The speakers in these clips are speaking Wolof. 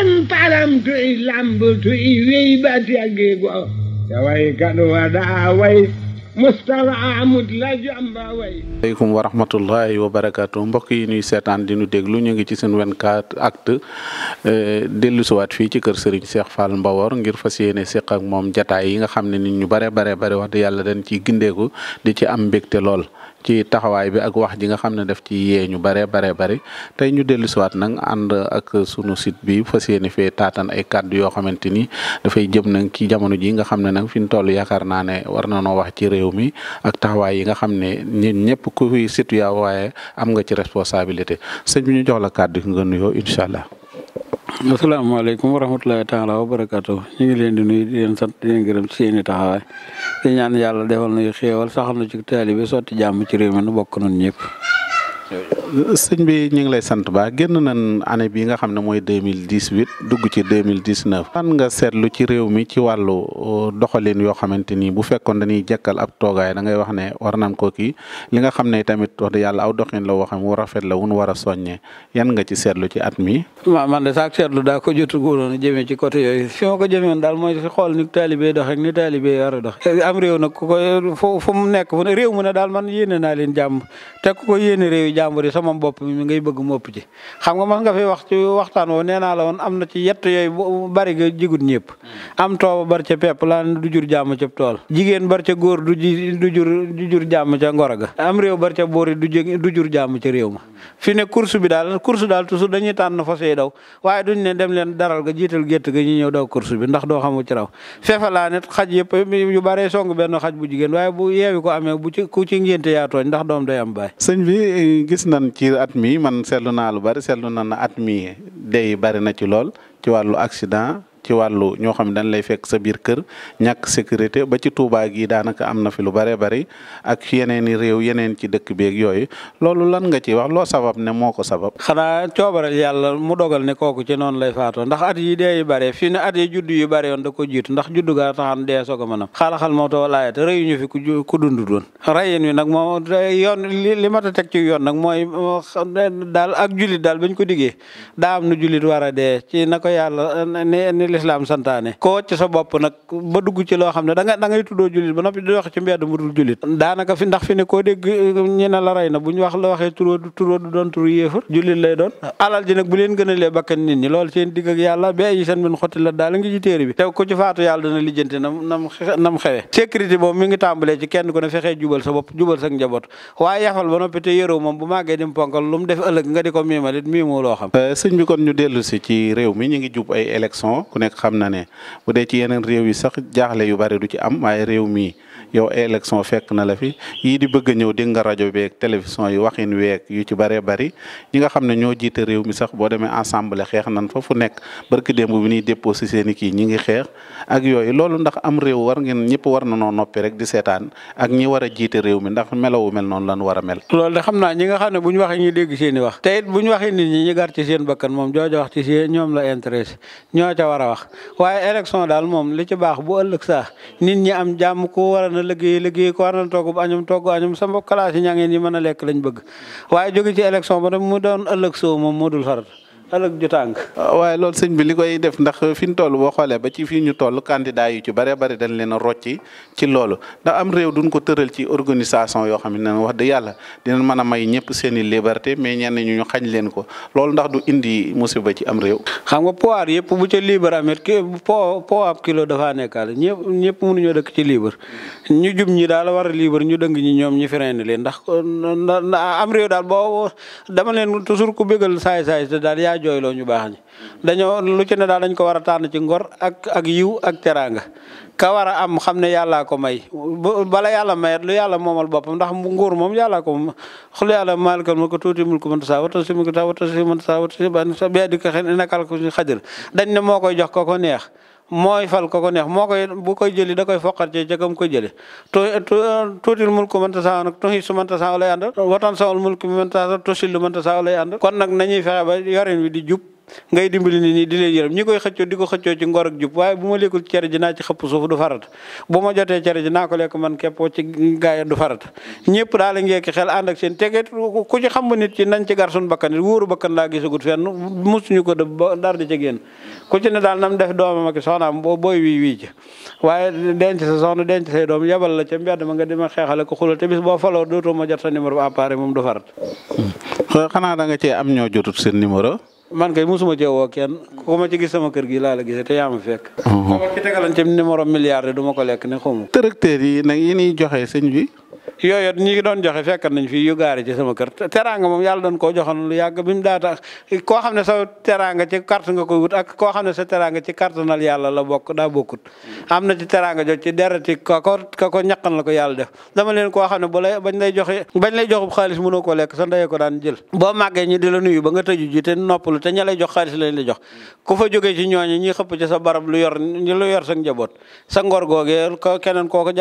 an param to e lambo to e weybati agge goo taway kaɗo waɗa way aleykum wa rahmatullahi wa barakaatu mbokk yi nuy seetaan di ñu déglu ñu ngi ci seen 24 actu eh, dellu siwaat fii ci kër Serigne seex Fall Mbawor ngir fas yéene seq ak moom jataay yi nga xam ne nit ñu bare bare bare wax dëgg yàlla dañ ciy gindeeku di ci am mbégte lool ci taxawaay bi ak wax ji nga xam ne daf ci yee ñu bare bare bari tey ñu dellu siwaat nag ànd ak sunu site bi fa yéene fee taatan ay kàddu yoo xamante ni dafay jëm nag ci jamono ji nga xam ne nag fi ñu toll yaakaar naa ne war na noo wax ci réew mi ak taxawaay yi nga xam ne ñun ñëpp ku fi waaye am nga ci responsabilité sëñ bi ñu jox la kàddu nga nuyoo incha allah. asalaamaaleykum wa rahmatulahi taala wa barakaatu ñu ngi leen di nuyu di leen sant leen gërëm ci seeni taxawaay di ñaan yàlla defal nuyu xéewal saxal na ci taalibe sotti jàmm ci réew mi nu bokk noonu ñëpp sëñ bi ñu ngi lay sant ba génn nañ année bi nga xam ne mooy deux mille dix huit dugg ci deux mille dix neuf. lan nga seetlu ci réew mi ci wàllu euh, doxalin yoo xamante ni bu fekkoon dañuy jàkkal ab toogaay da ngay wax ne war nañ ko kii li nga xam ne tamit wax dëgg aw doxin la woo wu rafet la wun war a soññee yan nga ci seetlu ci at mi. waaw man de sax seetlu daa ko jot a góoroon jëmee ci côté yooyu fi ma ko jëmee daal mooy xool ni taalibe dox a am réew nag ku ko fu nekk jàmbur yi sama bopp mi ngay bëgg mu ëpp ci xam nga mas nga fi wax ci waxtaan woo nee naa la woon am na ci yett yooyu bari nga jigut ñëpp hmm. am tooba bar ca pepp laan du jur jàmm ca tool jigéen bar ca góor du du jur du jur jàmm ca ngoro ga am réew bar ca boor yi du jur jàmm ca réew ma hmm. fi ne course bi daal course daal toujours dañuy tànn fas yi daw waaye duñ ne dem leen daral ga jiital gétt ga ñu ñëw daw course bi ndax doo xamu ci raw feefalaa nit xaj yëpp yu bare song benn xaj bu jigéen waaye bu yeewi ko amee bu ci ku ci ngénte yaa tooñ ndax doom gis nañ ci at mii man seetlu naa lu bari seetlu na na at mi dey bari na ci lool ci wàllu accident ci wàllu ñoo xam ne dañ lay fekk sa biir kër ñàkk sécurité ba ci Touba gi daanaka am na fi lu bare bari ak yeneen i réew yeneen ci dëkk beeg yooyu loolu lan nga ci wax loo sabab ne moo ko sabab. xanaa coobaral yàlla mu dogal ne kooku ci noonu lay faatoo ndax at yi dee yu bare fii ne at yi judd yu bare yoon da ko jiitu ndax judd gaa taxaan dee soog a mën a. xaalaxal moo tax laayat rëyuñu fi ku ku dund doon rayin wi nag moom li li ma ci yoon nag mooy daal ak jullit daal bañ ko diggee daa am nu a lislaam santaane ko wàcc sa bopp nag ba dugg ci loo xam ne da nga da ngay tuddoo jullit ba noppi di wax ci mbedd mu eh, bu wax la waxee turoo du turoo du doon turu yéefar jullit lay doon alal ji nag bu leen gënalee bakkan nit ñi loolu seen digg ak yàlla ba min xotti la daal ngi ci téere bi te ku ci faatu yàlla dana lijjanti nam nam nam xewe sécurité moom mi ngi tàmbalee ci kenn ku ne fexee jubal sa bopp jubal sa njaboot waaye yafal ba noppi te yëroo moom bu màggee di ponkal lu def ëllëg nga euh, mi ñu ngi jub ku nekk xam na ne bu dee ci yeneen réew yi sax jaaxle yu bari du ci am waaye réew mii yow élection fekk na la fi yii a ñëw dégg nga rajo beeg télévision yi waxin weeg yu ci bëree bëri ñi nga xam ne ñoo jiite réew mi sax boo demee ensemble xeex nan fa fu nekk barki démb bi ñuy déposé seen ki kii ñi ngi xeex ak yooyu loolu ndax am réew war ngeen ñëpp war na noo noppi rek di seetaan ak ñi war a jiite réew mi ndax melawu mel noonu lan war a mel. loolu de xam naa ñi nga xam ne bu ñu waxee dégg seen wax te it bu ñu waxee nit ñi ñu gar ci seen bakkan moom jooju wax la intéressé ñoo ca war a wax a a liggéey ko war na añum togg añum sa mbokk classe yi ñangeen yi mën a lekk lañ bëgg waaye jóge ci élection ba alak ju tàng ah, waaye loolu sëñ def ndax fi ñu boo xoolee ba ci fii ñu toll candidat yu ci bare bari dañ leen a rocci ci loolu ndax am réew duñ ko tëral ci organisation yoo a ñu ñu xañ ko loolu ndax du indi musiba ci am réew. xam nga pouvoir yëpp bu ca libre amee kii po po ab kilo dafaa nekkaale ñëpp ñëpp mënuñoo dëkk ci libre ñu jub ñi daal a libre ñu dëng ñi ñoom ñi fi reen leen ndax am réew boo dama leen toujours ku bégal saay saay daal jooyloo ñu baax ñi dañoo lu ci ne daal dañ ko war a tànn ci ngor ak ak yiw ak teraanga ka war a am xam ne yàllaa ko may bala yàlla mayet lu yàlla moomal boppam ndax nguur moom yàllaa ko moom xul yàlla maalikal mulki tuutil mulka man tashaa wa tanzihul mulka man tashaa wa tu'izzu man tashaa bi yadikal xayru innaka ala kulli shay'in qadiir dañ ne moo koy jox ko ko neex mooy fal ko ko neex moo koy boo koy jëli da koy foqar ci jagam koy jëli tuutil mulku man tasaa nag tuhisu man tasaa lay ànd watan sawal mulku man tasaa tusillu man tasaa lay ànd kon nag nañuy fexe ba yorin wi di jub ngay dimbali nit ñi di leen yërëm ñi koy xëccoo di ko xëccoo ci ngor ak jub waaye bu ma lekkul cere ji naa ci xëpp suuf du farata bu ma cere ji naa ko lekk man képp ci gaaya du farata ñëpp daal la ngeeki xel ànd ak seen tegeet ku ci xam nit ci nañ ci gar suñu bakkan wóoru bakkan laa gisagut fenn musuñu ko dëb ba dar ne daal nam def doomam ak soxnaam boo booy wii wii ci waaye denc sa soxna denc say doom yabal la ca mbedd ma nga dima xeexale ko xulal te bis boo faloo dootoo ma jot sa numéro bu appareil moom du farata da nga cee am ñoo jotut seen numéro man kay mosuma cee woo kenn ku ma ci gis sama kër gi laa la gisee te yaa ma fekk. xaw uh-huh. ma ci tegalan ci numéro du ma ko lekk ne xaw ma. tracteurs yi nag yi ñuy joxe sëñ bi. yooyu ñi ngi doon joxe fekk nañ fi yu gaari ci sama kër teraanga moom yàlla doon koo joxoon lu yàgg bi daata koo xam ne sa teraanga ci carte nga koy wut ak koo xam ne sa teraanga ci cartenal yàlla la bokk daa bokkut am na ci teraanga jot ci dereti ka ko ka ko la ko yàlla def dama leen koo xam ne bu lay bañ lay joxe bañ lay joxub xaalis mënoo ko lekk sa ndeye ko daan jël boo màggee ñi di la nuyu ba nga tëju ji te noppalu te ña lay jox xaalis lañ la jox ku fa jógee sa barab lu yor lu yor sa njaboot sa ngor googee ko keneen koo ko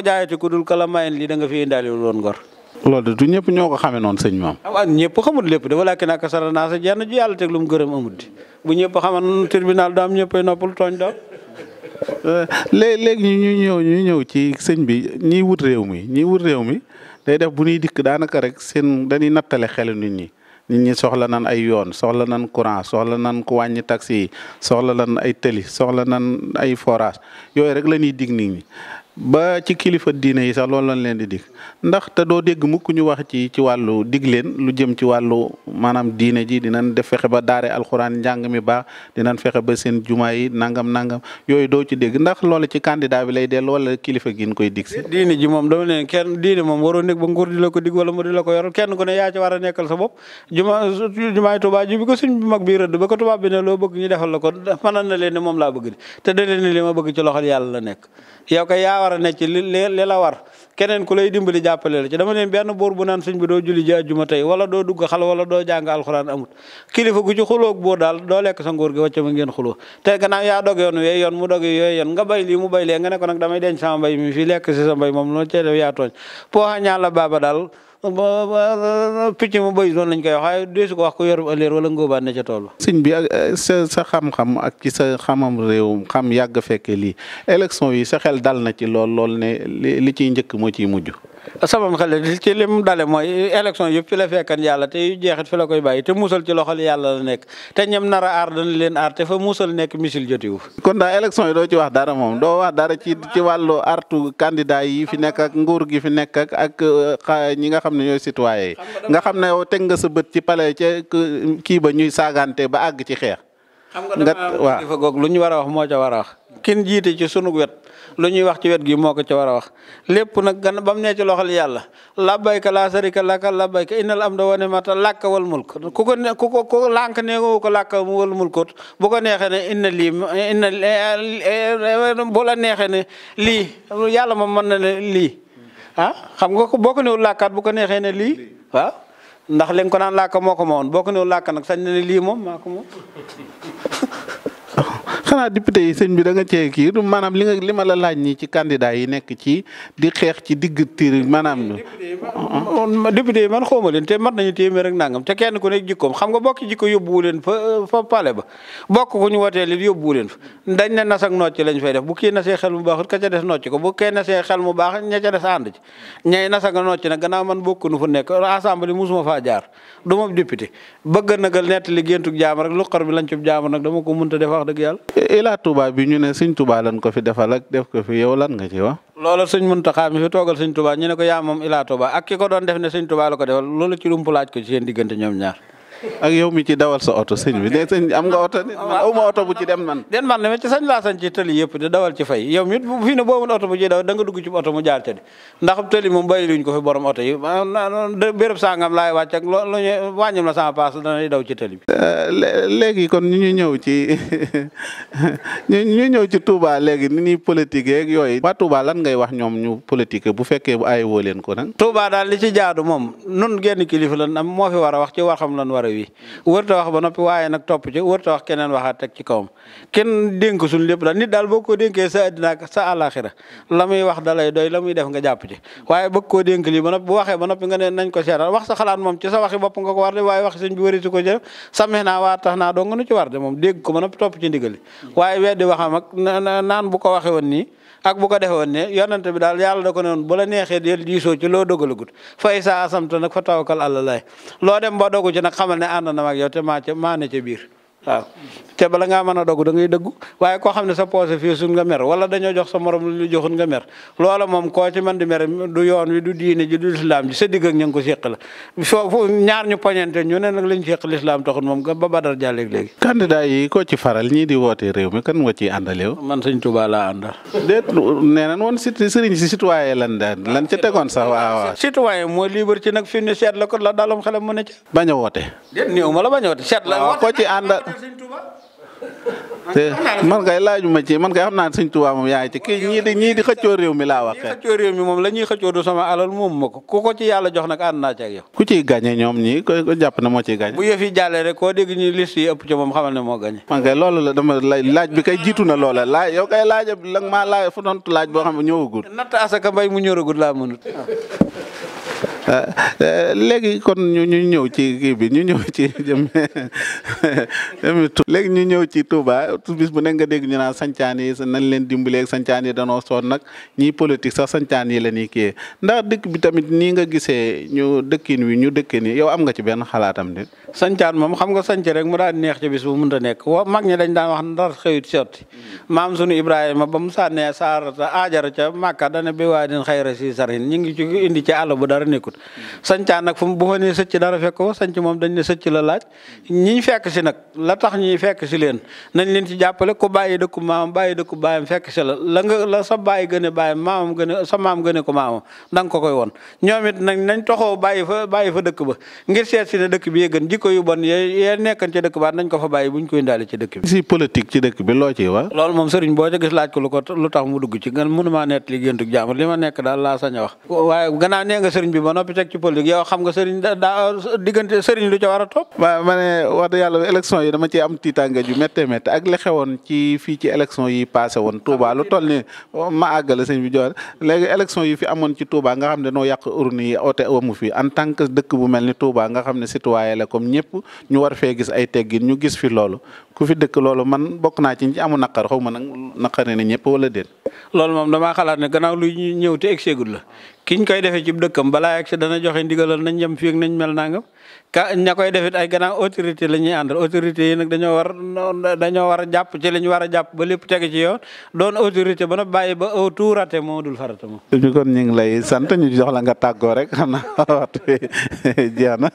jaayee ku koo da nga fi indaale woon ngor. loolu du ñëpp ñoo ko xamee noonu sëñ maam. waaw ñëpp xamut lépp dafa laajte nag sara naa sa jenn ju yàlla teg lu mu gërëm amut di bu ñëpp xaman tribunal daam ñëpp noppal tooñ daam. Euh, léeg-léeg ñu ñu ñëw ñu ñëw ci sëñ bi ñiy wut réew mi ñiy wut réew mi day def bu ñuy dikk daanaka rek seen dañuy nattale xelu nit ñi. nit ñi soxla nan ay yoon soxla nan courant soxla nan ku wàññi taxi yi soxla nan ay tëli soxla nan ay forage yooyu rek la ñuy dig nit ba ci kilifa diine yi sax loolu la leen di dig ndax te doo dégg mukk ñu wax ci ci wàllu dig leen lu jëm ci wàllu maanaam diine ji dina def fexe ba daare alxuraan njàng mi baax dinañ fexe ba seen jumaa yi nangam nangam yooyu doo ci dégg ndax loolu ci candidat bi lay delloo wala kilifa gi ñu koy dig si. diine ji moom dama leen kenn diine moom waroo nekk ba nguur di la ko dig wala mu di la ko yoral kenn ku ne yaa ci war a nekkal sa bopp juma jumaay bi ko mag bi rëdd ba ko tubaab leen ne moom laa bëgg te da leen ne yàlla la nekk war a nekk ci li li la war keneen ku lay dimbali jàppale la ci dama ne benn buur bu naan sëñ bi doo julli ji ajjuma tey wala doo dugg xal wala doo jàng alxuraan amut kilifa gu ci xulóog buur daal doo lekk sa nguur gi wàcc ma ngeen xuloo te gannaaw yaa dog yoon wee yoon mu dog yoon nga bay mu bay lee nga ne damay denc sama mbay mi fii lekk si sa moom loolu cee def yaa tooñ pooxa ñaan la baaba daal picc mu béy noonu lañ koy wax waaye deesu ko wax ko yor ëllëg wala ngóobaan ne ca tool ba. sëñ bi ak eh, sa sa xam-xam ak ci sa xamam réew xam yàgg fekke lii élection yi sa xel dal na ci lool lool ne li ciy njëkk moo ciy mujj. sama xel ci lim dale mooy élection yëpp fi la fekkan yàlla te yu jeexit fi la koy bàyyi te musal ci loxol yàlla la nekk te ñem nar a aar dana leen aar te fa musal nekk misil jotiwu kon daa élection yi doo ci wax dara moom doo wax dara ci ci wàllu artu candidat yi fi nekk ak nguur gi fi nekk ak ak ñi nga xam ne ñooy citoyen nga xam ne yow teg nga sa bët ci palais ca kii ba ñuy saagante ba àgg ci xeex. nga waaw xam nga dafa lu ñu war a wax moo ca war a wax. kin jiite ci sunu wet. lu ñuy wax ci wet gi moo ko ci war a wax lépp nag gan ba mu nee ci loxol yàlla labbayka laa sarika laka labbayka innal amda wa nimata làkka wal mulk ku ko ku ko ku lànk neegowu ko làkka wal mulkut bu ko neexee ne inna lii inna bu la neexee ne lii yàlla moom mën na ne lii ah xam nga ko boo ko néew làkkaat bu ko neexee ne lii waaw ndax li ko naan làkk moo ko ma woon boo ko néew làkk nag sañ na ne lii moom maa moom xanaa député yi sëñ bi da nga cee kii maanaam li nga li ma la laaj nii ci candidat yi nekk ci di xeex ci digg tiir maanaam. député yi man xawma te mat nañu téeméer rek nangam te kenn ku nekk jikkoom xam nga bokk jikko yóbbuwu leen fa euh, fa pale ba bokk ku ñu watee lit yóbbuwu leen fa dañ ne nas ak nocc lañ fay def bu kii nasee xel mu ka ca des nocc ko bu kee nasee xel mu baax ña ca des ànd ci ñay nas nocc nag gannaaw man bokk nu fu nekk assemblée musuma faa jaar du ma député bëgg na nga nettali géntug jaam rek lu xar bi lañ cub jaam nag dama ko munta def wax dëgg yàlla Ila Touba bi ñu ne sëñ Touba lan ko fi defal ak def ko fi yow lan nga ci wax. loolu sëñ Muntaxa mi fi toogal sëñ Touba ñu ne ko yaa moom Ila Touba ak ki ko doon def ne sëñ Touba ko defal loolu ci rumpu laaj ko ci seen diggante ñoom ñaar. ak yow mi ci dawal sa oto sëñ bi de sëñ am nga oto nit man awma oto bu ci dem den sañ laa sañ ci tëli yëpp di dawal ci fay yow mit fii ne boobu oto bu ci daw da nga dugg ci oto mu jaar ca di tëli moom bàyyi luñ ko fi borom oto yi béréb sangam laay wàcc ak ci tëli bi euh, léegi ñu ñu ñëw ci ñu ni ñuy politique yeeg yooyu waa Touba lan ngay wax ñoom ñu politique bu fekkee bu aay woo leen ko nag daal li ci jaadu moom nun genn kilifa lan moo fi war a wax ci war xam lan war war a wi wërta wax ba noppi waaye nag topp ci wërta wax keneen waxaat teg ci kawam kenn dénk suñu lépp daal nit daal boo ko dénkee sa àddina ak sa àllaaxira la wax da doy la def nga jàpp ci waaye bëgg koo dénk lii ba noppi bu waxee ba noppi nga ne nañ ko seetal wax sa xalaat moom ci sa waxi bopp nga ko war de waaye wax sëñ bi wëritu ko ko ba noppi weddi waxam ak bu ko waxe woon nii ak bu ko defoon ne yonante bi daal yàlla da ko ne woon bu la neexee del diisoo ci loo dogalagut fay saa asamta nag fa tawakkal àlla laay loo dem ba dogu ci nag xamal ne ànd na mag yow te maa ca maa ne ca biir waaw te bala a dogu da ngay dëggu waaye koo xam ne sa poose fii suñ nga mer wala dañoo jox sa morom lu joxun nga mer loola moom koo ci mën di mer du yoon wi du diine ji du lislaam ji sa digg ak ña ngi ko séq la ñii di wootee réew mi kan nga ciy man sëñ Tuubaa laa àndal déet woon sit sëriñ si citoyen lan daan lan ca tegoon sax waaw waaw citoyen moo ci nag fi mu seet la ko la dalum xelam mu ne ca bañ a woote déet néew la bañ a woote seet la ko ci àndal te man kay laajuma ci man kay xam naa ne sëñ Tuubaa moom yaa ngi ci kii ñii di xëccoo réew mi laa wax. kay xëccoo réew mi moom la ñuy xëccoo du sama alool moom ma ko ku ko ci yàlla jox nag ànd naa ci ak ku ciy gagné ñoom ñii ko jàpp na moo ciy gagné. bu yëf yi rek koo dégg ñi liste yi ëpp ci moom xamal ne moo gagné. man kay loolu la dama laaj bi kay jiitu na loola laaj yow kay laaj la maa laaj fu doon laaj boo xam ne ñëwagul. natt asaka mbay mu ñëwagul laa mënut Euh, euh, léegi kon ñu ñu ñëw ci kii bi ñu ñëw ci jëm léegi ñu ñëw ci Touba bis bu nekk nga dégg ñu naan sancaan yi nañ leen dimbalee sancaan yi danoo soon nag ñiy politique sax sancaan yi la nii kii ndax dëkk bi tamit nii nga gisee ñu dëkkin wi ñu dëkkin yi yow am nga ci benn xalaatam nit sancaan moom xam nga sanc rek mu daan neex ci bis bu ta nekk wa mag ñi dañ daan wax ndar xëyut sotti maam sunu Ibrahima ba mu sànnee saarata aajara ca Màkka dana bi waa din xayra si sarin ñu ngi ci indi ci àll bu dara nekkut wut sañcaan nag fu mu bu fa nee sëcc dara fekk ko sañc moom dañ ne sëcc la laaj ñiñ fekk si nag la tax ñuy fekk si leen nañ leen ci jàppale ku bàyyi dëkku maamam bàyyi dëkku baayam fekk si la la nga la sa bàyyi gën a baayam maamam gën sa maam gën ko maamam da nga ko koy woon ñoom it nag nañ toxoo bàyyi fa bàyyi fa dëkk ba ngir seet si ne dëkk bi yee gën jikko yu bon yee yee nekkan ci dëkk ba nañ ko fa bàyyi buñ koy ndaale ci dëkk bi si politique ci dëkk bi loo ci wax loolu moom sëriñ boo ca gis laaj ko lu ko lu tax mu dugg ci nga mënumaa nett li géntug jaamur li ma nekk daal laa sañ a noppi teg ci politique yow xam nga sëriñ daa diggante sëriñ lu ca war a topp. ma ne wax dëgg yàlla élection yi dama cee am tiitaange ju méttee méttee ak li xewoon ci fii ci élection yi passé woon Touba lu toll nii ma àggale sëñ bi joxe amoon ci Touba nga xam ne noo yàq urne bu mel ni Touba nga xam ne citoyen la comme ñëpp ñu war fee gis ay teggin ñu gis fi loolu ku fi dëkk loolu man bokk naa ci ñi amu naqar xaw ma nag naqar ne ñëpp wala déet. loolu moom damaa xalaat ne gannaaw luy ñëw te egg la kiñ koy defee ci dëkkam balaa yegg dana joxe ndigalal nañ yem fii ak nañ mel nangam ka ña koy defit ay gannaaw autorité la ñuy àndal autorité yi nag dañoo war dañoo war a jàpp ci li ñu war a jàpp ba lépp teg ci yoon doon autorité ba na bàyyi ba au tout moo dul farata moom. ñu kon ñu ngi lay sant ñu jox la nga tàggoo rek xam naa waxtu bi jeex na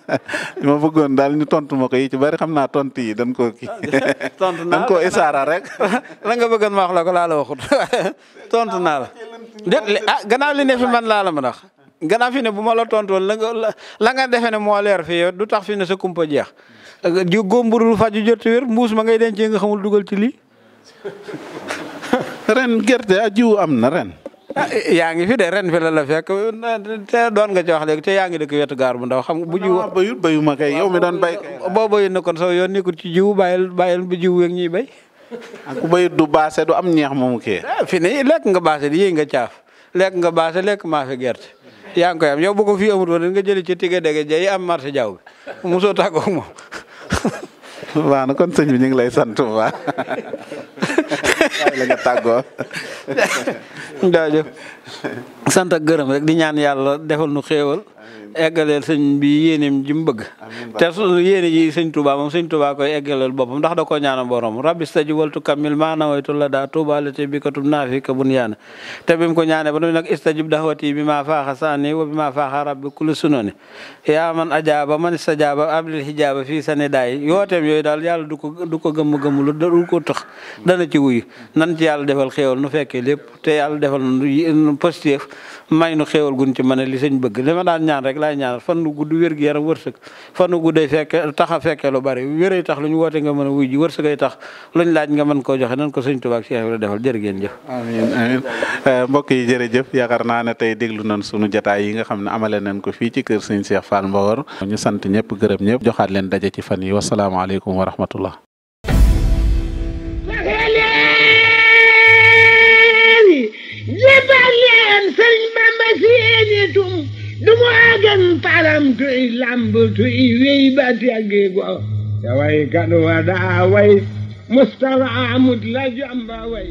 ma bëggoon daal ñu tontu ko yi ci bari xam naa tontu yi dañ koo kii. tontu naa koo isaara rek. la nga bëggoon la ko laa la waxut tontu naa la. déet ah gannaaw li ne fi man laa la mën a wax gannaaw fi bu ma la tontoon la nga la nga defee ne moo fi yow du tax fi ne sa kumpa jeex ju góomburul faju jot wér mbuus ma ngay dencee nga xamul dugal ci lii ren gerte a jiwu am na ren ah, yaa ngi fi de ren fi la la fekk te doon nga ci wax te yaa ngi dëkk wetu gaar bu ndaw xam bu jiw ah, bayut bayu ma kay yow mi doon bay boo bayut na kon soo yoon nekkul ci jiwu bàyyil bàyyil bu jiw yeeg ñuy bay ku bayut du baase du am ñeex moomu kii. Ah, fi ne lekk nga baase di yéy nga caaf lekk nga baase lekk maafe gerte yaa ngi koy am yow bu ko fii amut woon nga jëli ci tige dege jey am marché jaww bi mosoo tàggoog moom. waaw na kon sëñ bi ñu ngi lay sant bu baax la nga tàggoo. jaajëf sant gërëm rek di ñaan yàlla defal nu xéewal eggaleel sëñ bi yéeneem ji mu bëgg te yéene ji sëñ Touba moom sëñ Touba koy eggaleel boppam ndax da ko ñaanal borom rabbi staji waltu kammil maa nawaytu la daa tuubaale te bi katum naa fi ka bun yaana te bi mu ko ñaanee ba nag nag istajib daxwati bi maa faaxa saani wa bi maa faaxa rabbi kulu sunoni yaa man ajaaba man istajaaba ablil hijaaba fii sani daay yooteem yooyu daal yàlla du ko du ko gëmm-gëmm lu du ko tëx dana ci wuyu nan ci yàlla defal nu fekkee lépp te yàlla defal nu positif may nu a ñaan rek laay ñaanal fan nu gudd wér gi yaram wërsëg fan nu guddee fekke tax a fekkee lu bari wéree tax lu ñu woote nga mën a wuy ji wërsëgay tax luñ laaj nga mën koo joxe nan ko sëñ Tuubaa Cheikh Ibra defal jërë ngeen jëf amiin amiin eh, mbokk yi jërëjëf yaakaar naa ne tey déglu nañ sunu jotaay yi nga xam ne amale nañ ko fii ci kër sëñ Cheikh Fall Mbaor ñu sant ñëpp gërëm ñëpp joxaat leen daje ci fan yi wasalaamaaleykum wa rahmatullah ɗum wagen param to i lambo to i weybati agge goo taway kaɗo waɗa way mustafa amud la jamba way